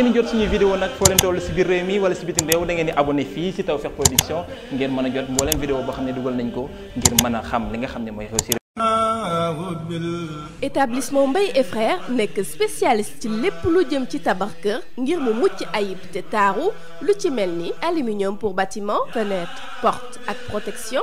ngeen jot suñuy vidéo nag foo leen toll si biir réew mi wala si bitim réew da ngeen di abonné fii si Tawfekh Production ngeen mën a jot mboolem vidéo boo xam ne dugal nañ ko ngir mën a xam li nga xam ne mooy xew si établissement mbay et frères nekk spécialiste ci lépp lu jëm ci tabax kër ngir mu mucc ayib te taaru lu ci mel ni aluminium pour bâtiment fenêtre porte ak protection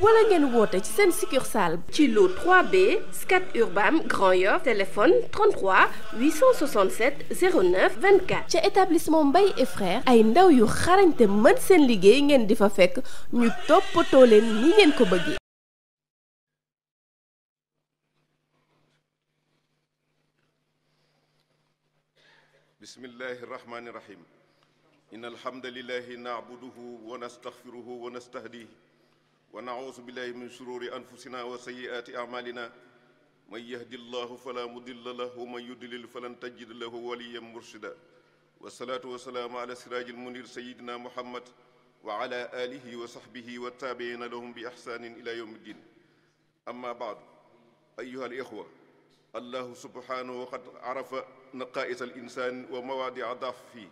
wala ngeen woote ci seen succursale ci lu 3B Scat Urbam Grand Yoff téléphone 33 ca établissement Mbaye et ay ndaw yu xarañte mën seen liggéey ngeen di fa fekk ñu toppatoo leen ni ngeen ko bëggee بسم الله الرحمن الرحيم إن الحمد لله نعبده ونستغفره ونستهديه wa naaudu billahi min shururi anfusina wa sayyiaati amalina man yahdi llahu fala mudilla lahu wa man yudlil falan tajid lahu waliyan murshida wasalaatu wasalaamu ala siraajil munir sayidina muhammad wa ala alihi wa sahbihi wa taabiina lahum bi ihsaanin ila yawmi ddin amma baadu ayyuha al ixwa allahu subhanahu qad arafa naqaa'is al insaan wa mawaadi'a da'fihi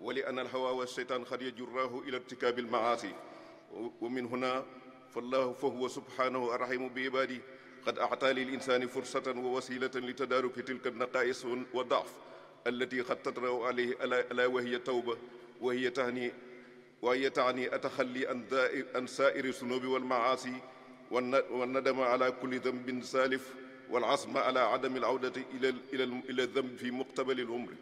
wa li anna al hawaa wa sheytaan qad yajurruhu ila irtikaabi al ma'aasi wa min huna فالله فهو سبحانه الرحيم بعباده قد أعطى للإنسان فرصة ووسيلة لتدارك تلك النقائص والضعف التي قد تطرأ عليه ألا وهي التوبة وهي تهني وهي تعني أتخلي عن سائر الذنوب والمعاصي والندم على كل ذنب سالف والعصم على عدم العودة إلى إلى الذنب في مقتبل العمر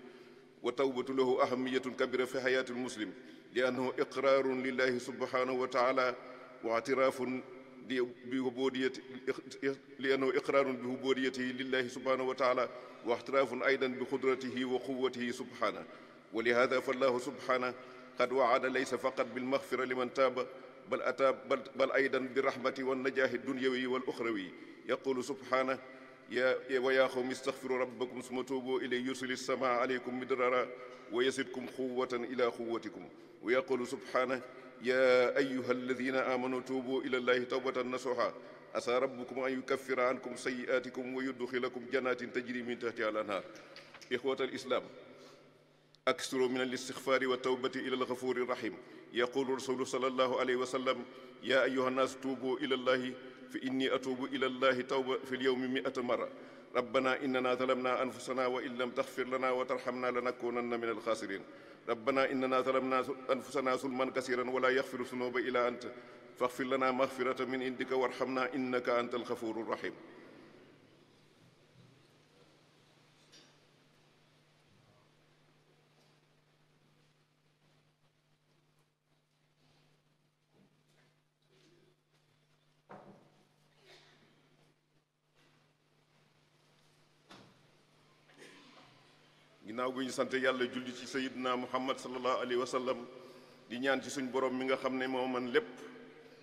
وتوبة له أهمية كبيرة في حياة المسلم لأنه إقرار لله سبحانه وتعالى واعتراف بعبودية لأنه إقرار بعبوديته لله سبحانه وتعالى واعتراف أيضا بقدرته وقوته سبحانه ولهذا فالله سبحانه قد وعد ليس فقط بالمغفرة لمن تاب بل, أتى بل, بل أيضا بالرحمة والنجاح الدنيوي والأخروي يقول سبحانه يا ويا قوم استغفروا ربكم ثم توبوا إليه يرسل السماء عليكم مدرارا ويزدكم قوة إلى قوتكم ويقول سبحانه يا أيها الذين آمنوا توبوا إلى الله توبة نصوحا عسى ربكم أن يكفر عنكم سيئاتكم ويدخلكم جنات تجري من تحتها الأنهار إخوة الإسلام أكثروا من الاستغفار والتوبة إلى الغفور الرحيم يقول الرسول صلى الله عليه وسلم يا أيها الناس توبوا إلى الله فإني أتوب إلى الله توبة في اليوم مئة مرة ربنا إننا ظلمنا أنفسنا وإن لم تغفر لنا وترحمنا لنكونن من الخاسرين ربنا إننا ظلمنا أنفسنا ظلما كثيرا ولا يغفر الذنوب إلا أنت فاغفر لنا مغفرة من عندك وارحمنا إنك أنت الغفور الرحيم ginnaaw gu ñu sant yàlla julli ci sayidna muhammad sallallahu alayhi wa sallam di ñaan ci suñu borom mi nga xam ne moo man lépp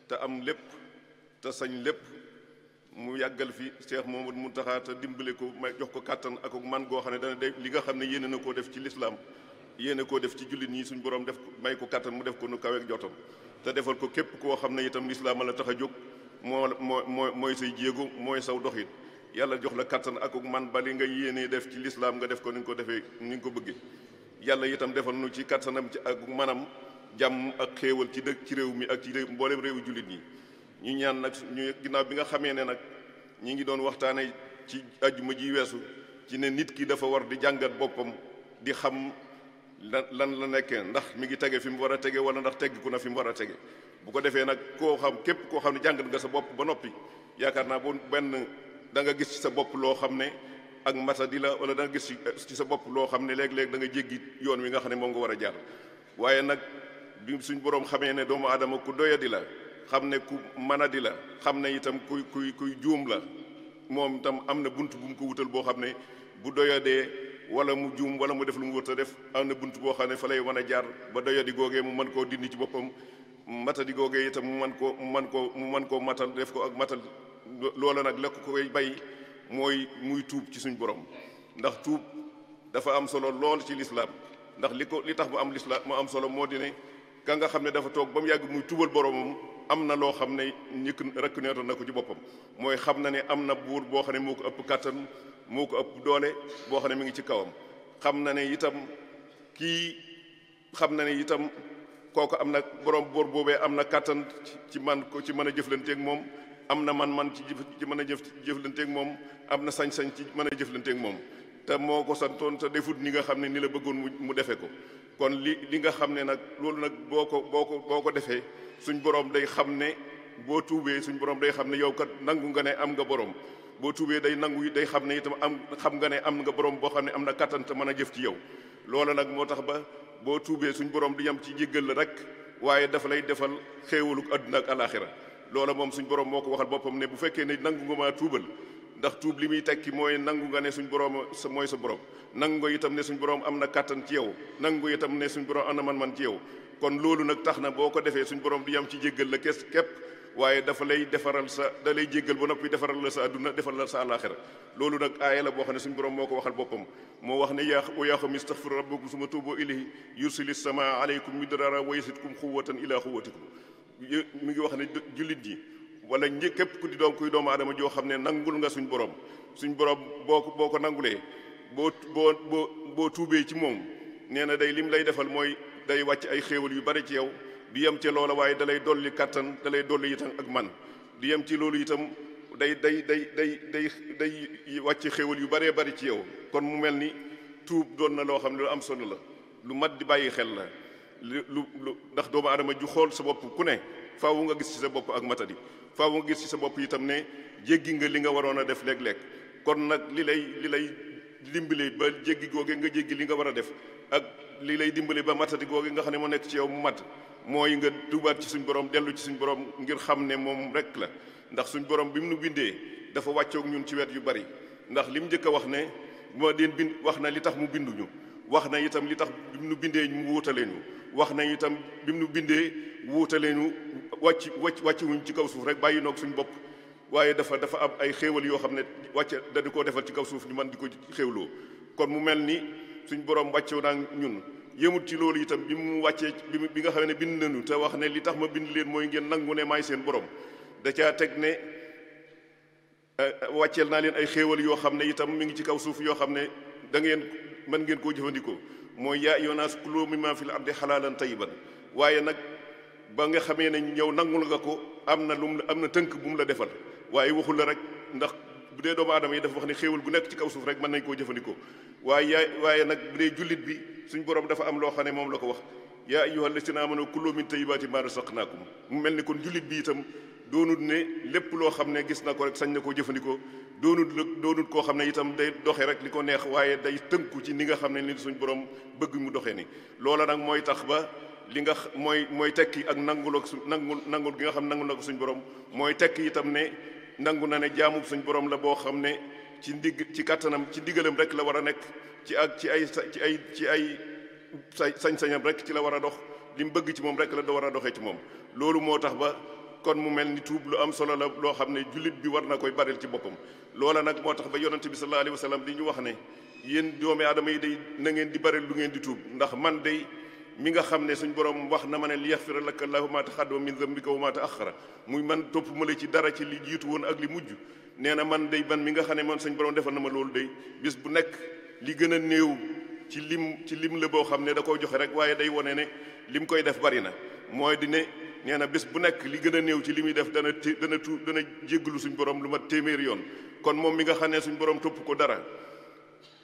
te am lépp te sañ lépp mu yàggal fi Cheikh Mouhamadou mu te dimbale ko may jox ko kàttan ak ak man goo xam ne dana def li nga xam ne yéene na koo def ci lislaam yéene koo def ci jullit ñi suñu borom def may ko kàttan mu def ko nu kaweeg jotam te defal ko képp koo xam ne itam lislaam a tax a jóg moo moo mooy say jéego mooy saw doxit yàlla jox la kattan akuk man ba li nga yéenee def ci lislaam nga def ko ni nga ko defee ni nga ko bëggee yàlla itam defal nu ci kattanam ci akuk manam jàmm ak xéewal ci dëkk ci réew mi ak ci mboolem réewu jullit ñi ñu ñaan nag ñu ginnaaw bi nga xamee ne nag ñi ngi doon waxtaane ci ajjuma ji weesu ci ne nit ki dafa war di jàngat boppam di xam lan lan la nekkee ndax mi ngi tege fi mu war a tege wala ndax tegg ku na fi mu war a tege bu ko defee nag koo xam képp koo xam ne jàngat nga sa bopp ba noppi yaakaar naa bu da nga gis ci sa bopp loo xam ne ak matadi la wala da nga gis ci sa bopp loo xam ne léeg-léeg da nga jéggi yoon wi nga xam ne moom nga war a jar waaye nag bi suñ boroom xamee ne doomu aadama ku doyadi la xam ne ku manadi la xam ne itam kuy kuy kuy juum la moom itam am na bunt bu mu ko wutal boo xam ne bu doyadee wala mu juum wala mu def lu mu wut def am na bunt boo xam ne fa lay mën a jaar ba doyadi googee mu mën koo dind ci boppam matadi googee itam mu mën koo mën koo mu mën koo matal def ko ak matal loola nag la ko koy bay mooy muy tuub ci suñ borom ndax tuub dafa am solo lool ci lislaam ndax li ko li tax mu am lislaam mu am solo moo di ne ka nga xam ne dafa toog ba mu yàgg muy tuubal boromam am na loo xam ne ñëkk reconnaître na ko ci boppam mooy xam na ne am na buur boo xam ne moo ko ëpp kàttan moo ko ëpp doole boo xam ne mi ngi ci kawam xam na ne itam kii xam na ne itam kooku am na borom buur boobee am na kàttan ci man ko ci mën a jëflanteeg moom am na man-man ci ci mën a jëf jëflanteeg moom am na sañ-sañ ci mën a jëflanteek moom te moo ko santoon te defut ni nga xam ne ni la bëggoon mu defee ko kon li li nga xam ne nag loolu nag boo ko boo ko boo ko defee suñ borom day xam ne boo tuubee suñ borom day xam ne yow kat nangu nga ne am nga borom boo tuubee day nangu day xam ne itam am xam nga ne am nga borom boo xam ne am na kattan mën a jëf ci yow loola nag moo tax ba boo tuubee suñ borom di yam ci jéggal la rek waaye dafa lay defal xéewalu àdduna ak alaaxira loola moom suñu borom moo ko waxal boppam ne bu fekkee ne nangu nga maa tuubal ndax tuub li muy tekki mooy nangu nga ne suñ borom sa mooy sa borom nangu nga itam ne suñ borom am na kàttan ci yow nangu nga itam ne suñ borom am na man-man ci yow kon loolu nag tax na boo ko defee suñu borom du yam ci jéggal la kes képp waaye dafa lay defaral sa da lay jéggal ba noppi defaral la sa àdduna defal la sa àllaaxira loolu nag aaya la boo xam ne suñ borom moo ko waxal boppam moo wax ne yaa o yaa xam istaghfiru rabbakum suma tuubu ilayhi yursili sama aleykum midrara wa yasidkum quwwatan ila quwwatikum mi ngi wax ne jullit yi wala ñi képp ku di doom doomu aadama joo xam ne nangul nga suñ borom suñ borom boo ko boo ko nangulee boo boo boo boo tuubee ci moom nee na day lim lay defal mooy day wàcc ay xéewal yu bari ci yow du yem ci loola waaye dalay dolli kàttan dalay dolli itam ak man du yem ci loolu itam day day day day day day wàcc xéewal yu baree bari ci yow kon mu mel ni tuub doon na loo xam ne lu am solo la lu mat di bàyyi xel la lu lu ndax doomu aadama ju xool sa bopp ku ne faawu nga gis ci sa bopp ak matadi faawu nga gis ci sa bopp itam ne jéggi nga li nga waroon a def léeg-léeg kon nag li lay li lay dimbale ba jéggi googe nga jéggi li nga war a def ak li lay dimbali ba matadi googe nga xam ne moo nekk ci yow mu mat mooy nga dubaat ci suñ borom dellu ci suñ borom ngir xam ne moom rek la ndax suñu borom bi mu nu bindee dafa wàccoog ñun ci wet yu bari ndax lim mu njëkk a wax ne moo deen bind wax na li tax mu binduñu wax na itam li tax bi mu nu bindee mu wutale wax nañu itam bi mu bindee wuutale nu wàcc wàcc wàcc wuñ ci kaw suuf rek bàyyi noog suñ bopp waaye dafa dafa am ay xewal yoo xam ne wàcc dañu koo defal ci kaw suuf ñu man di ko xéewloo kon mu mel ni suñ borom wàccew naa ñun yëmut ci loolu itam bi mu wàccee bi nga xam ne bind nañu te wax ne li tax ma bind leen mooy ngeen nangu ne maay seen borom da caa teg ne eh, eh, wàcceel naa leen ay xéewal yoo xam ne itam mi ngi ci kaw suuf yoo xam ne da ngeen mën ngeen koo jëfandikoo mooy yaa ayyuhan naas kulu mimmaa fil ardi xalaalan tayyiban waaye nag ba nga xamee ne ñëw nangul nga ko am na lum am na tënk bu mu la defal waaye waxul la rek ndax bu dee doomu aadama yi dafa wax ne xéewal gu nekk ci kaw suuf rek mën nañ koo jëfandikoo waaye yaa waaye nag bu dee jullit bi suñ borom dafa am loo xam ne moom la ko wax yaa ayyuhal lazina aamanu kulu min tayyibaati maa razaqnaakum mu mel ni kon jullit bi itam doonut ne lépp loo xam ne gis na ko rek sañ na koo jëfandikoo doonut doonut koo xam ne itam day doxe rek li ko neex waaye day tënku ci ni nga xam ne ni suñ borom bëgg mu doxee ni loola nag mooy tax ba li nga mooy mooy tekki ak nangul ak su nangul nangul nga xam nangul na suñ borom mooy tekki itam ne nangu na ne jaamub suñ borom la boo xam ne ci ndig ci kattanam ci ndigalam rek la war a nekk ci ak ci ay ci ay ci ay sañ-sañam rek ci la war a dox li bëgg ci moom rek la war a doxee ci moom loolu moo tax ba kon mu mel ni tuub lu am solo la loo xam ne jullit bi war na koy baril ci boppam loola nag moo tax ba yonente bi sallallahu alayhi wa sallam di ñu wax ne yéen doomi aadama yi day na ngeen di baril lu ngeen di tuub ndax man day mi nga xam ne suñ borom wax na ma ne li yaxfira laka llaahu maa taqaddama min dambika wa maa ta'axxara muy man topp ma la ci dara ci li jiitu woon ak li mujj nee na man day man mi nga xam ne man suñ borom defal na ma loolu day bis bu nekk li gën a néew ci lim ci lim la boo xam ne da koo joxe rek waaye day wone ne lim koy def bari na mooy di ne nee na bés bu nekk li gën a néew ci li muy def dana té dana tu dana jéggalu suñ borom lu mat téeméeri yoon kon moom mi nga xam ne suñ borom topp ko dara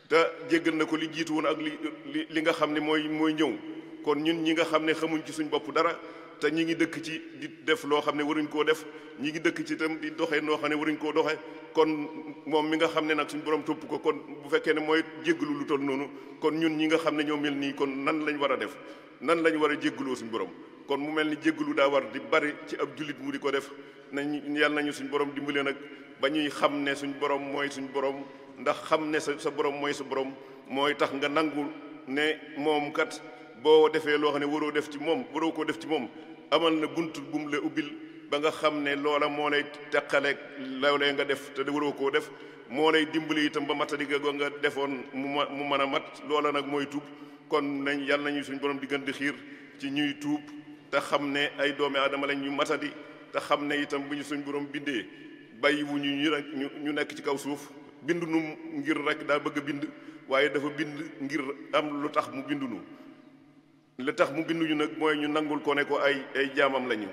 te jéggal na ko li jiitu woon ak li li nga xam ne mooy mooy ñëw kon ñun ñi nga xam ne xamuñ ci suñ bopp dara te ñi ngi dëkk ci di def loo xam ne waruñ koo def ñi ngi dëkk ci itam di doxee noo xam ne waruñ koo doxee kon moom mi nga xam ne nag suñ borom topp ko kon bu fekkee ne mooy jéggalu lu toll noonu kon ñun ñi nga xam ne ñoo mel nii kon nan lañ war a def nan lañ war a jéggaloo suñ borom kon mu mel ni jéggalu daa war di bari ci ab jullit mu di ko def nañ yàlla nañu suñ borom dimbalee nag ba ñuy xam ne suñ borom mooy suñ borom ndax xam ne sa sa borom mooy sa borom mooy tax nga nangu ne moom boo defee loo xam ne waroo def ci moom waroo ko def ci moom amal na bunt bu la ubbil ba nga xam ne loola moo lay teqaleeg loolee nga def te waroo koo def moo lay dimbali itam ba matadi ga go nga defoon mu ma mu mën a mat loola nag mooy tuub kon nañ yàlla nañu suñ borom di gën di xiir ci ñuy tuub te xam ne ay doome aadama lañ ñu matadi te xam ne itam bu ñu suñ borom bindee bàyyiwuñu ñu rek ñu nekk ci kaw suuf bindu ngir rek daa bëgg a bind waaye dafa bind ngir am lu tax mu bindu lu tax mu binduñu nag mooy ñu nangul ko ne ko ay ay jaamam lañu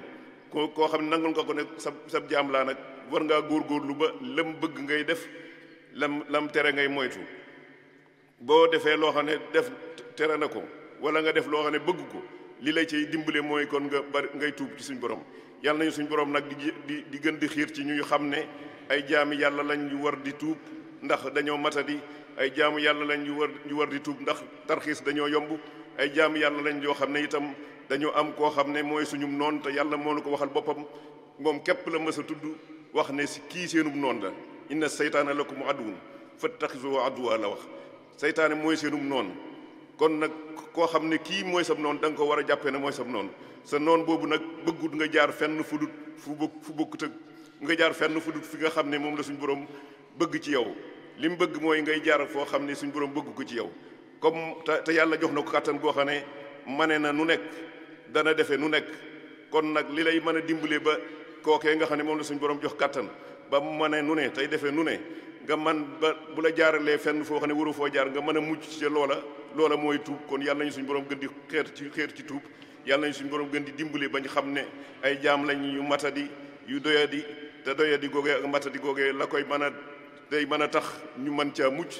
ko koo xam ne nangul nga ko ne sa sab jaam laa nag war ngaa góor góorgóorlu ba lam bëgg ngay def lam lam tere ngay moytu boo defee loo xam ne def tere na ko wala nga def loo xam ne bëgg ko lii lay cay dimbale mooy kon nga bari ngay tuub ci suñ borom yàlla nañu suñu borom nag di di di gën di xiir ci ñuy xam ne ay jaami yàlla lañ ñu war di tuub ndax dañoo matadi ay jaamu yàlla lañ ñu war ñu war di tuub ndax tarxiis dañoo yomb ay jaamu yàlla lañ joo xam ne itam dañoo am koo xam ne mooy suñum noon te yàlla moo nu ko waxal boppam moom képp la mës a tudd wax ne si kii seenum noon la inna seytaana lakum aduwwun fattaxisuhu aduwwa la wax seytaane mooy seenum noon kon nag koo xam ne kii mooy sab noonu da nga ko war a jàppee na mooy sab noonu sa noon boobu nag bëggut nga jaar fenn fu dut fu bëgg fu bëggut ak nga jaar fenn fu dut fi nga xam ne moom la suñ borom bëgg ci yow li mu bëgg mooy ngay jaar foo xam ne suñu borom bëgg ko ci yow comme te yàlla jox na ko kattan goo xam ne mane na nu nekk dana defe nu nekk kon nag li lay mën a dimbale ba kookee nga xam ne moom la suñ borom jox kàttan ba mu mane nu ne tey defee nu ne nga man ba bu la jaaralee fenn foo xam ne waru foo jaar nga mën a mucc ci loola loola mooy tuub kon yàlla nañu suñu borom gën di xeer ci xeer ci tuub yàlla nañu suñu borom gën di dimbali bañ xam ne ay jaam lañ yu matadi yu doyadi te doyadi googee ak matadi googee la koy mën a day mën a tax ñu mën caa mucc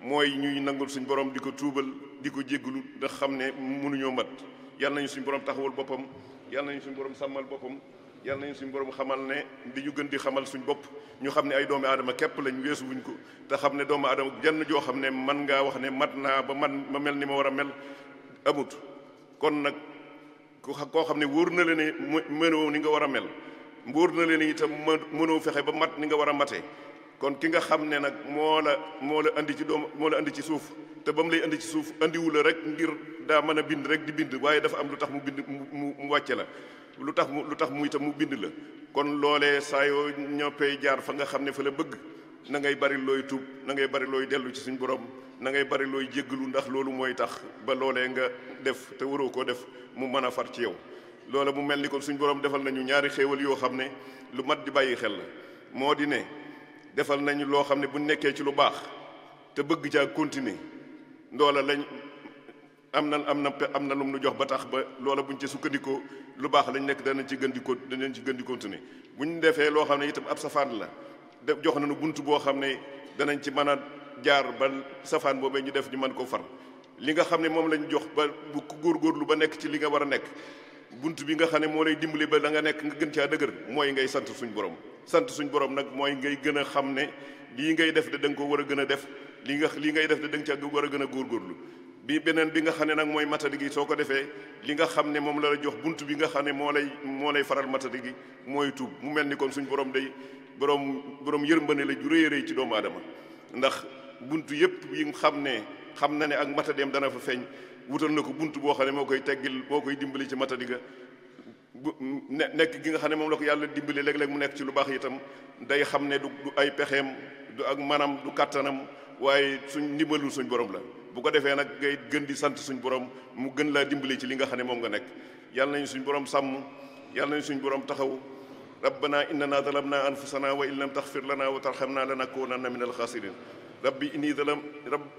mooy ñuy nangul suñu borom di ko tuubal di ko jéggalu ndax xam ne mënuñoo mat yàlla nañu suñu borom taxawal boppam yàlla nañu suñu borom sàmmal boppam. yal nañu suñu borom xamal ne di ñu gën di xamal suñ bopp ñu xam ne ay doomi aadama képp lañ weesu wuñ ko te xam ne doomu aadama jenn joo xam ne man ngaa wax ne mat naa ba man ma mel ni ma war a mel amut kon nag ku koo xam ne wóor na le ne mënoo ni nga war a mel wóor na le ne itam mënoo fexe ba mat ni nga war a matee kon ki nga xam ne nag moo la moo ci doom moo ci suuf te ba mu lay indi ci suuf andiwu la rek ngir daa mën a bind rek di bind waaye dafa am lu tax mu bind mu mu wàcce la lu tax mu lu tax muy itam mu bind la kon loolee saa yoo ñoppee jaar fa nga xam ne fa la bëgg na ngay bari looy tuub na ngay bari looy dellu ci suñu borom na ngay bari looy jégglu ndax loolu mooy tax ba loolee nga def te waroo koo def mu mën a far ci yow loola mu mel ni ko suñu borom defal nañu ñaari xéewal yoo xam ne lu mat di bàyyi xel la moo di ne defal nañu loo xam ne bu nekkee ci lu baax te bëgg caa continuer loola lañ am na am na am na lu mu jox ba tax ba loola buñ ci sukkandikoo lu baax lañ nekk danañ ci gën di ko danañ ci gën di bu ñu defee loo xam ne itam ab safaan la def jox na nañu bunt boo xam ne danañ ci mën a jaar ba safaan boobee ñu def ñu man ko far li nga xam ne moom lañ jox ba bu góorgóorlu ba nekk ci li nga war a nekk bunt bi nga xam ne moo lay dimbali ba da nga nekk nga gën caa dëgër mooy ngay sant suñ borom sant suñu borom nag mooy ngay gën a xam ne lii ngay def de da nga ko war a gën a def li nga lii ngay def de da nga caa war a gën a góorgóorlu bi beneen bi nga xam ne nag mooy matadi gi soo ko defee li nga xam ne moom la la jox bunt bi nga xam ne moo lay moo lay faral matadi gi mooy tuub mu mel ni kon suñ borom day borom borom yërmande la ju rëy rëy ci doomu aadama ndax bunt yépp yi nga xam ne xam na ne ak matadeem dana fa feeñ wutal na ko bunt boo xam ne moo koy teggil moo koy dimbali ci matadi ga bu ne nekk gi nga xam ne moom la ko yàlla dimbali léeg-léeg mu nekk ci lu baax itam day xam ne du du ay pexeem du ak manam du kattanam waaye suñ ndimbalul suñ borom la bu ko defee nag ngay gën di sant suñ borom mu gën laa dimbali ci li nga xam ne moom nga nekk yàlla nañu suñ borom sàmm yàlla nañu suñ borom taxaw rabbana innana zalamna anfusana wa in lam taxfir lana wa tarxamna lanakunanna min alxaasirin rabbi inni zalam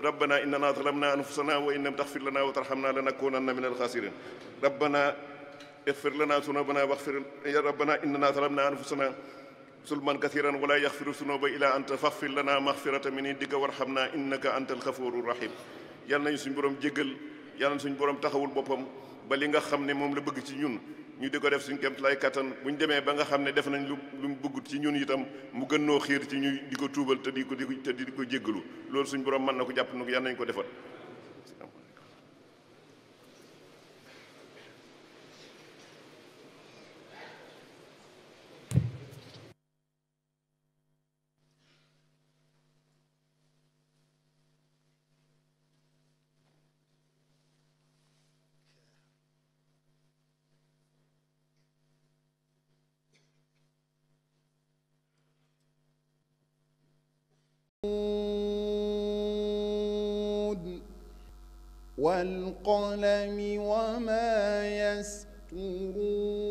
rabbana innana zalamna anfusana wa in lam taxfir lana wa tarxamna lanakunanna min alxaasirin rabbana ixfir lana zunubana waxfir rabbana innana zalamna anfusana sulman kathiran wala yaxfiru zunuba illa anta faxfir lana maxfirata min indika warxamna innaka anta alxafuru rahim yan nañu suñu borom jéggal yal nañu suñu borom taxawul boppam ba li nga xam ne moom la bëgg ci ñun ñu di ko def suñu kéem lay kattan bu ñu demee ba nga xam ne def nañ lu lu mu bëgg ci ñun itam mu gën noo xiir ci ñuy di ko tuubal te di ko di ko te di ko jéggalu loolu suñ borom mën na ko jàpp na yan yal nañu ko defal. والقلم وما يسطرون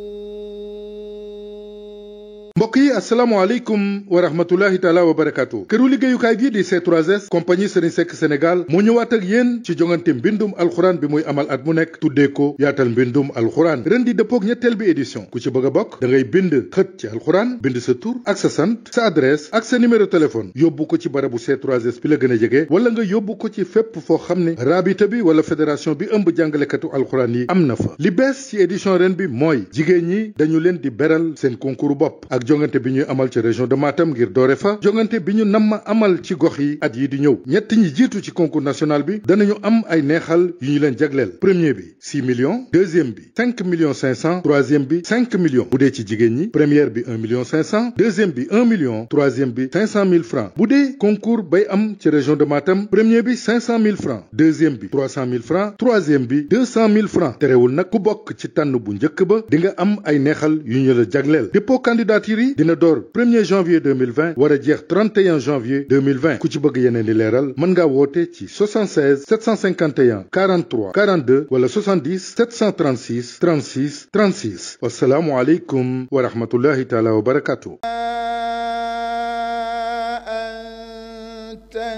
bokk yi asalaamaaleykum wa rahmatulahi taala wa barakaatu këru liggéeyukaay bii di C3S compagnie Serigne Seck Sénégal moo ñëwaat ak yéen ci jongante mbindum alxuraan bi muy amal at mu nekk tuddee ko yaatal mbindum alxuraan ren di dëppoog ñetteel bi édition ku ci bëgg a bokk da ngay bind xët ci alxuraan bind sa tur ak sa sant sa adresse ak sa numéro téléphone yóbbu ko ci barabu C3S bi la gën a jege wala nga yóbbu ko ci fépp foo xam ne rabita bi wala fédération bi ëmb jàngalekatu alxuraan yi am na fa li bees édition ren bi mooy jigéen ñi dañu leen di beral seen concours bopp ak jongante bi ñuy amal ci région de Matam ngir doore fa jongante bi ñu namm amal ci gox yi at yi di ñëw ñett ñi jiitu ci concours national bi danañu am ay neexal yu ñu leen jagleel premier bi 6 millions deuxième bi 5 millions 500 troisième bi 5 millions bu dee ci jigéen ñi première bi 1 million 500 deuxième bi 1 million troisième bi 500 000 francs bu dee concours bay am ci région de Matam premier bi 500 000 francs deuxième bi 300 000 francs troisième bi 200 000 francs terewul nag ku bokk ci tànn bu njëkk ba di nga am ay neexal yu ñu la jagleel dépôt candidature bi dina door 1er janvier 2020 war a jeex 31 janvier 2020 ku ci bëgg yeneen di leeral mën ngaa woote ci 76 751 43 42 wala 70 736 36 36 wasalaamu aleykum wa rahmatullahi taala wa barakatuh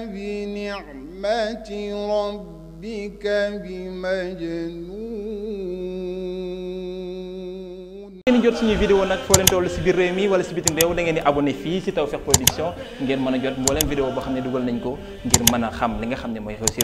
بنعمة ngeen jot suñu vidéo nag foo leen toll si biir réew mi wala si bitim réew da ngeen di abonné fii si Tawfekh Production ngeen mën a jot mbooleem vidéo boo xam ne dugal nañ ko ngir mën a xam li nga xam ne mooy réussir